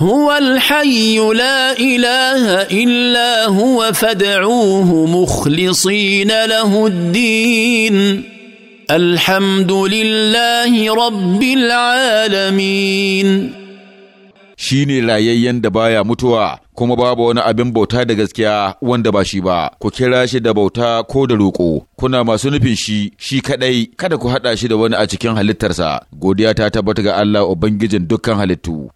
هو الحي لا اله الا هو فادعوه مخلصين له الدين الحمد لله رب العالمين shi ne rayayyen da baya mutuwa kuma babu wani abin bauta da gaskiya wanda ba shi ba ku kira shi da bauta ko da roƙo kuna masu nufin shi shi kaɗai, kada ku haɗa shi da wani a cikin halittarsa godiya ta tabbata ga Allah ubangijin dukkan halittu